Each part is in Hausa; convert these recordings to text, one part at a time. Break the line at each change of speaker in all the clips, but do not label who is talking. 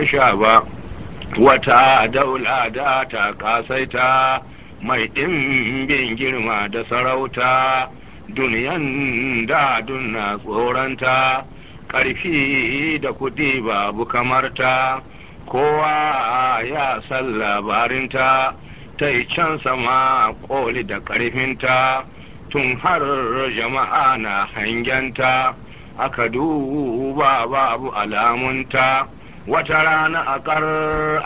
sha ba wata daula ta kasaita mai ɗimbin girma da sarauta duniyan da na tsoronta ƙarfi da kuɗi babu kamarta kowa ya san labarinta ta yi can sama ƙoli da ƙarfinta tun har jama'a na hangenta aka duba babu alamunta wata rana a kar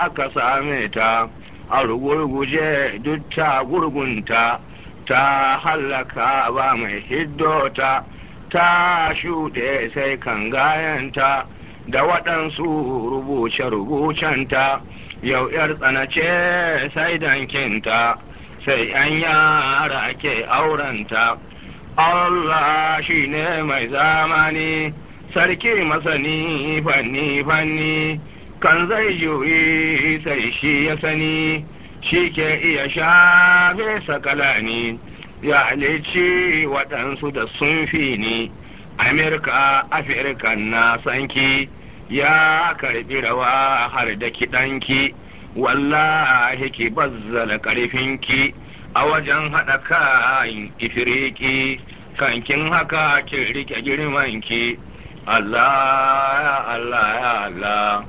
aka same ta a rugurguje duk ta gurgunta ta hallaka ba mai hiddota ta shuɗe sai kan gayanta da waɗansu rubuce-rubucenta yau 'yar tsanace sai dankinta sai 'yan yara ke aurenta Allah shi ne mai zamani sarki masani fanni fanni kan zai juyi sai shi ya sani shi ke iya shafe sakalani ya halici waɗansu da sun fi ni amurka afirka na sanki ya karɓi rawa har da kiɗanki wallahi ki bazzala ƙarfinki a wajen haɗa kan ifiriki kankin haka kin rike girmanki Allah Allah ya Allah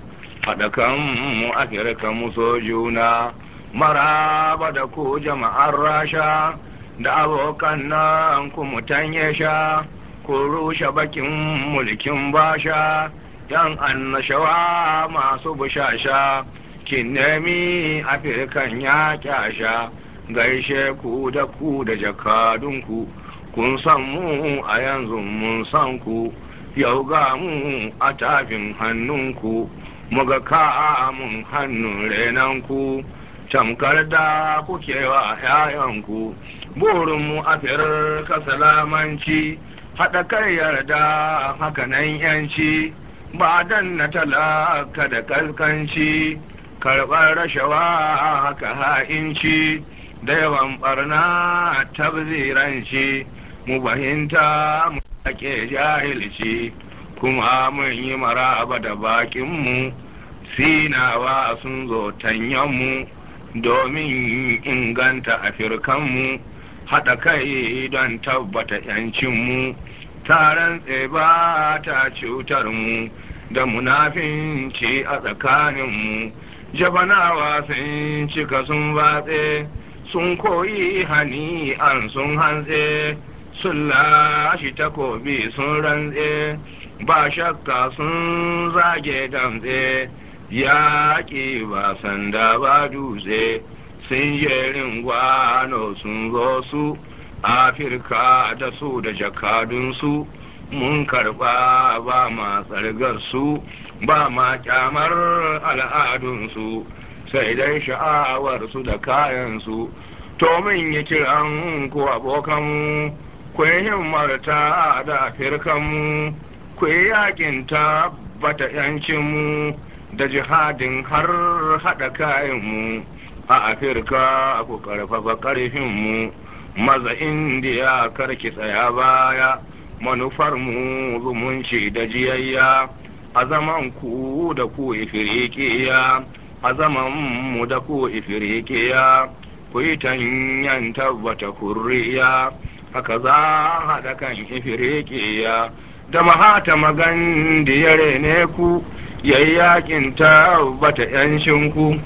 faɗa mu afirka mu juna maraba da ku jama'ar rasha da abokan nan ku mutanye sha ku rushe bakin mulkin basha yan annashawa masu bushasha kin nemi afirkan ya kyasha gaishe ku da ku da jakadunku kun san mu a yanzu mun san ku yau ga mu a tafin hannunku muga kamun hannun renanku tamkar da kuke wa yayanku burinmu a firka salamanci haɗa kai yarda haka nan yanci ba dan na talaka da kalkanci karɓar rashawa haka ha'inci da yawan ɓarna tabziranci mu fahimta ke jahilci kuma mun yi maraba da bakinmu sinawa sun zo tanyanmu domin inganta afirkanmu haɗa kai don tabbata yancinmu taron tseba ta cutarmu da munafinci a tsakaninmu jabanawa sun cika sun batse sun koyi hani an sun hantse sun lashe takobi sun rantse ba shakka sun zage damtse yaƙi ba sanda ba dutse sun jerin gwano sun zo su afirka da su da jakadunsu mun karɓa ba ma tsargarsu ba ma kyamar al'adunsu sai dai sha'awarsu da kayansu to min yi kiran ku abokanmu ku himmarta da afirkanmu ku yi yakin tabbata yancinmu da jihadin har haɗa kayanmu a afirka ku ƙarfafa ƙarfinmu maza indiya karki tsaya baya manufarmu zumunci da jiyayya a zaman ku da ku ifirikiya a zaman mu da ku ifirikiya ku yi tanyan tabbata hurriya haka za haɗa kan ifiriƙiya da mahata magandiyar ne ku yayyakin ta bata yanshinku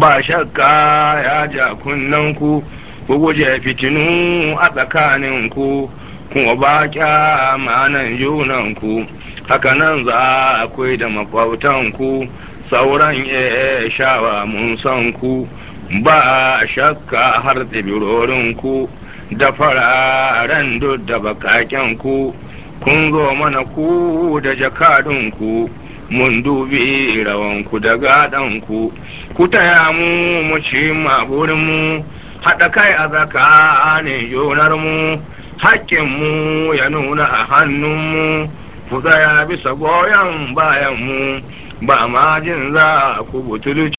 ba shakka ya ja kunnanku ku guje fitinu a tsakaninku kuma ba kyamanan junanku nan za akwai da ku sauran ya shawa mun san ku ba shakka har tsibirorinku da fararen duk da bakaken ku kun zo mana ku da jakadunku mun dubi rawanku da gadanku ku taya mu mu ci maburinmu haɗa kai a tsakanin junarmu mu ya nuna a hannunmu ku tsaya bisa goyon bayanmu ba ma jin za ku butulu